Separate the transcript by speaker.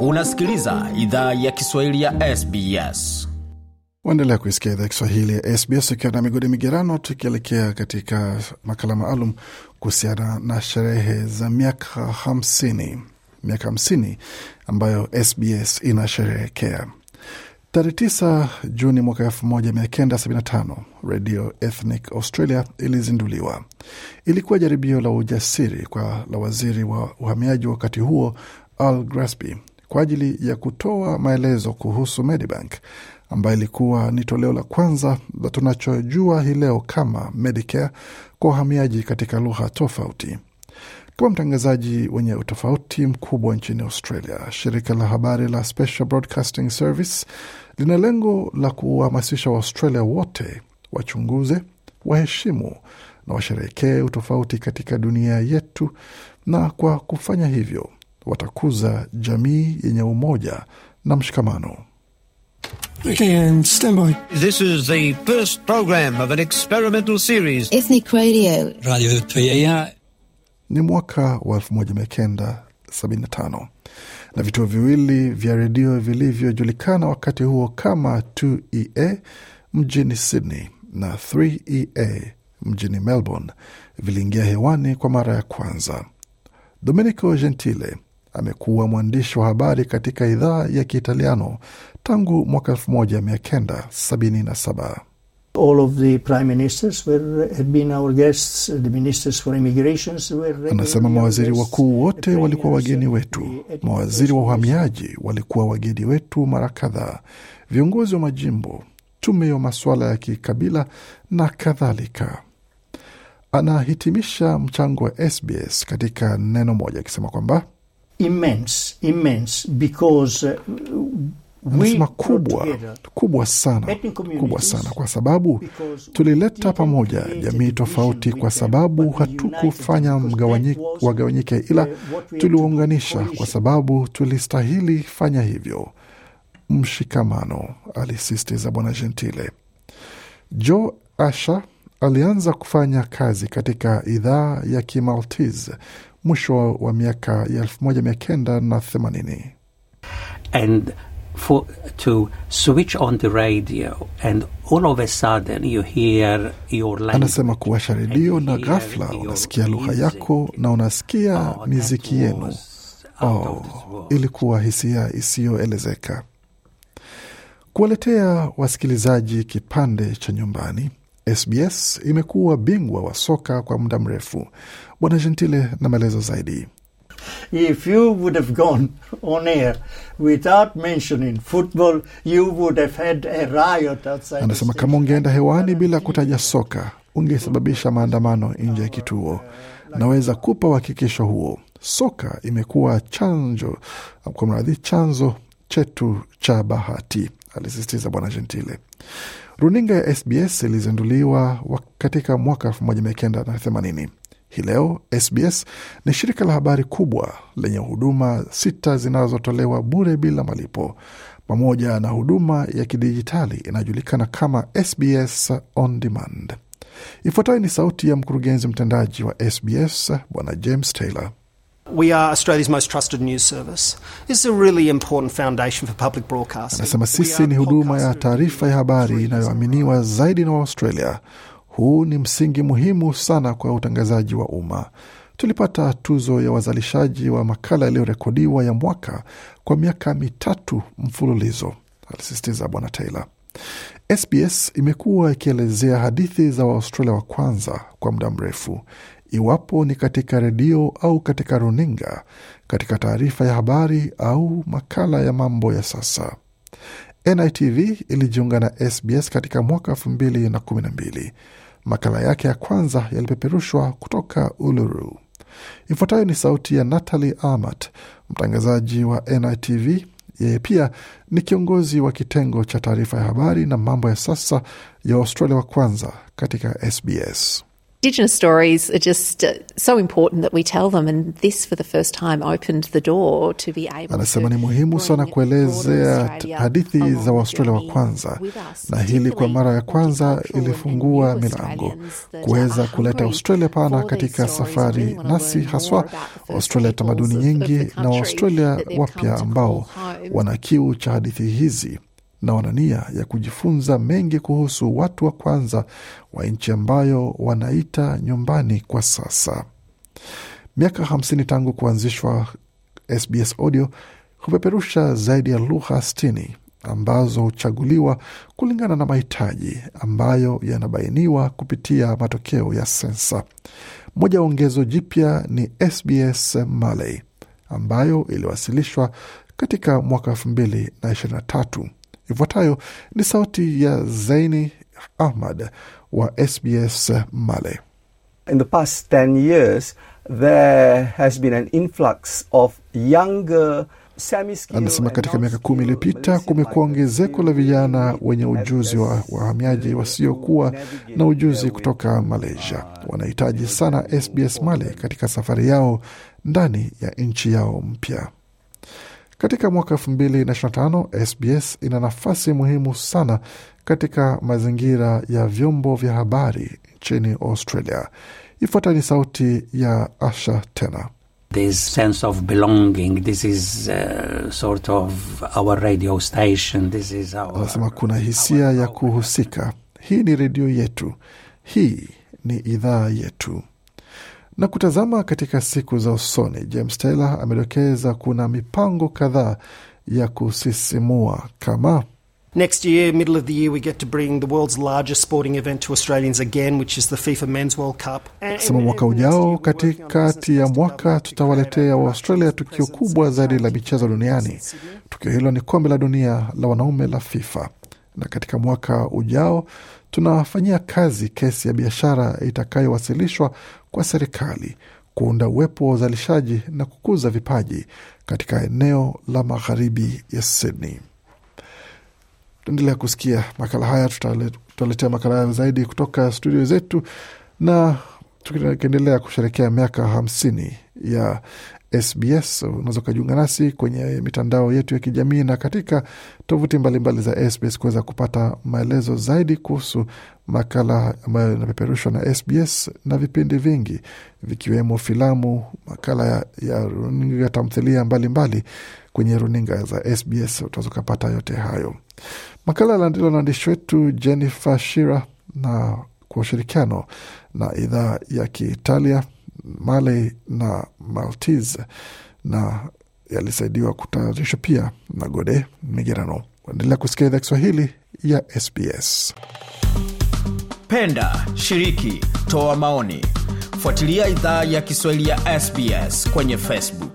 Speaker 1: Unasikiliza idhaa ya Kiswahili ya SBS. Waendelea kuisikia idhaa ya Kiswahili ya SBS ukiwa na migodi migerano, tukielekea katika makala maalum kuhusiana na sherehe za miaka hamsini, miaka hamsini ambayo SBS inasherehekea Tarehe 9 Juni mwaka 1975 Radio Ethnic Australia ilizinduliwa. Ilikuwa jaribio la ujasiri kwa la waziri wa uhamiaji wakati huo Al Grasby kwa ajili ya kutoa maelezo kuhusu Medibank ambayo ilikuwa ni toleo la kwanza la tunachojua hii leo kama Medicare kwa wahamiaji katika lugha tofauti. Kama mtangazaji wenye utofauti mkubwa nchini Australia, shirika la habari la Special Broadcasting Service lina lengo la kuhamasisha Waaustralia wote wachunguze, waheshimu na washerehekee utofauti katika dunia yetu, na kwa kufanya hivyo watakuza jamii yenye umoja na mshikamano. Okay, stand by. This is the first program of an experimental series. Ethnic Radio. Radio Ni mwaka wa 1975 na vituo viwili vya redio vilivyojulikana wakati huo kama 2EA mjini Sydney na 3EA e mjini Melbourne viliingia hewani kwa mara ya kwanza. Domenico Gentile amekuwa mwandishi wa habari katika idhaa ya Kiitaliano tangu mwaka 1977. Anasema mawaziri wakuu wote walikuwa wageni wetu, mawaziri wa uhamiaji walikuwa wageni wetu mara kadhaa, viongozi wa majimbo, tume ya masuala ya kikabila na kadhalika. Anahitimisha mchango wa SBS katika neno moja akisema kwamba immense, immense because uh, anasema kubwa kubwa sana, kubwa sana kwa sababu tulileta pamoja jamii tofauti, kwa sababu hatukufanya wagawanyike, ila tuliwaunganisha kwa sababu tulistahili fanya hivyo. Mshikamano, alisistiza Bwana Gentile. Jo Asha Alianza kufanya kazi katika idhaa ya Kimaltis mwisho wa miaka ya 1980 and for, to switch on the radio and all of a sudden you hear your language. Anasema kuwasha redio na ghafla unasikia lugha yako na unasikia oh, miziki yenu. Oh, ilikuwa hisia isiyoelezeka. Kuwaletea wasikilizaji kipande cha nyumbani SBS imekuwa bingwa wa soka kwa muda mrefu. Bwana Gentile na maelezo zaidi. If you would have gone on air without mentioning football, you would have had a riot outside. Anasema kama ungeenda hewani bila kutaja soka ungesababisha maandamano nje ya kituo. Naweza kupa uhakikisho huo. Soka imekuwa chanjo kwa mradhi, chanzo chetu cha bahati alisisitiza Bwana Gentile. Runinga ya SBS ilizinduliwa katika mwaka 1980. Hii leo SBS ni shirika la habari kubwa lenye huduma sita zinazotolewa bure bila malipo pamoja na huduma ya kidijitali inayojulikana kama SBS On Demand. Ifuatayo ni sauti ya mkurugenzi mtendaji wa SBS Bwana James Taylor. Anasema sisi ni huduma ya taarifa ya habari inayoaminiwa zaidi na Australia. Huu ni msingi muhimu sana kwa utangazaji wa umma. Tulipata tuzo ya wazalishaji wa makala yaliyorekodiwa ya mwaka kwa miaka mitatu mfululizo, alisisitiza Bwana Taylor. SBS imekuwa ikielezea hadithi za Waaustralia wa kwanza kwa muda mrefu iwapo ni katika redio au katika runinga, katika taarifa ya habari au makala ya mambo ya sasa. NITV ilijiunga na SBS katika mwaka elfu mbili na kumi na mbili. Makala yake ya kwanza yalipeperushwa kutoka Uluru. Ifuatayo ni sauti ya Natalie amat mtangazaji wa NITV. Yeye pia ni kiongozi wa kitengo cha taarifa ya habari na mambo ya sasa ya Australia wa kwanza katika SBS. Indigenous stories are just uh, so important that we tell them and this for the first time opened the door to be able anasema ni muhimu sana kuelezea hadithi za Waustralia wa kwanza, na hili kwa mara ya kwanza ilifungua milango kuweza kuleta Australia pana katika safari nasi, haswa Australia tamaduni nyingi na Waustralia wapya ambao wana kiu cha hadithi hizi na wana nia ya kujifunza mengi kuhusu watu wa kwanza wa nchi ambayo wanaita nyumbani kwa sasa. Miaka hamsini tangu kuanzishwa, SBS Audio hupeperusha zaidi ya lugha sitini ambazo huchaguliwa kulingana na mahitaji ambayo yanabainiwa kupitia matokeo ya sensa. Moja ongezo jipya ni SBS Malay ambayo iliwasilishwa katika mwaka elfu mbili na ishirini na tatu. Ifuatayo ni sauti ya Zaini Ahmad wa SBS Male. In the past 10 years, there has been an influx of younger Anasema katika miaka kumi iliyopita kumekuwa ongezeko la vijana wenye ujuzi wa wahamiaji wasiokuwa na ujuzi kutoka Malaysia. Wanahitaji sana SBS Male katika safari yao ndani ya nchi yao mpya. Katika mwaka tano SBS ina nafasi muhimu sana katika mazingira ya vyombo vya habari nchini Australia. Ifuata ni sauti ya Asha tena. This sense of belonging. This is, uh, sort of our radio station. This is our, anasema kuna hisia ya kuhusika. Hii ni redio yetu, hii ni idhaa yetu na kutazama katika siku za usoni. James Taylor amedokeza kuna mipango kadhaa ya kusisimua kama Next year, middle of the year, we get to bring the world's largest sporting event to Australians again, which is the FIFA Men's World Cup. Sema mwaka ujao katikati ya mwaka tutawaletea Waaustralia tukio kubwa zaidi la michezo duniani. Tukio hilo ni kombe la dunia la wanaume la FIFA, na katika mwaka ujao tunawafanyia kazi kesi ya biashara itakayowasilishwa kwa serikali kuunda uwepo wa uzalishaji na kukuza vipaji katika eneo la magharibi ya Sydney. Tuendelea kusikia makala haya, tutaletea makala haya zaidi kutoka studio zetu, na tukiendelea kusherekea miaka hamsini ya SBS. Unaweza ukajiunga nasi kwenye mitandao yetu ya kijamii na katika tovuti mbalimbali za SBS kuweza kupata maelezo zaidi kuhusu makala ambayo inapeperushwa na SBS na vipindi vingi vikiwemo filamu, makala ya, ya runinga, tamthilia mbalimbali kwenye runinga za SBS. Utaweza ukapata yote hayo. Makala yaliandiliwa na waandishi wetu Jennifer Shira na kwa ushirikiano na idhaa ya Kiitalia Male na Maltese na yalisaidiwa kutayarishwa pia na Gode Migerano. Endelea kusikia idhaa Kiswahili ya SBS. Penda, shiriki, toa maoni, fuatilia idhaa ya Kiswahili ya SBS kwenye Facebook.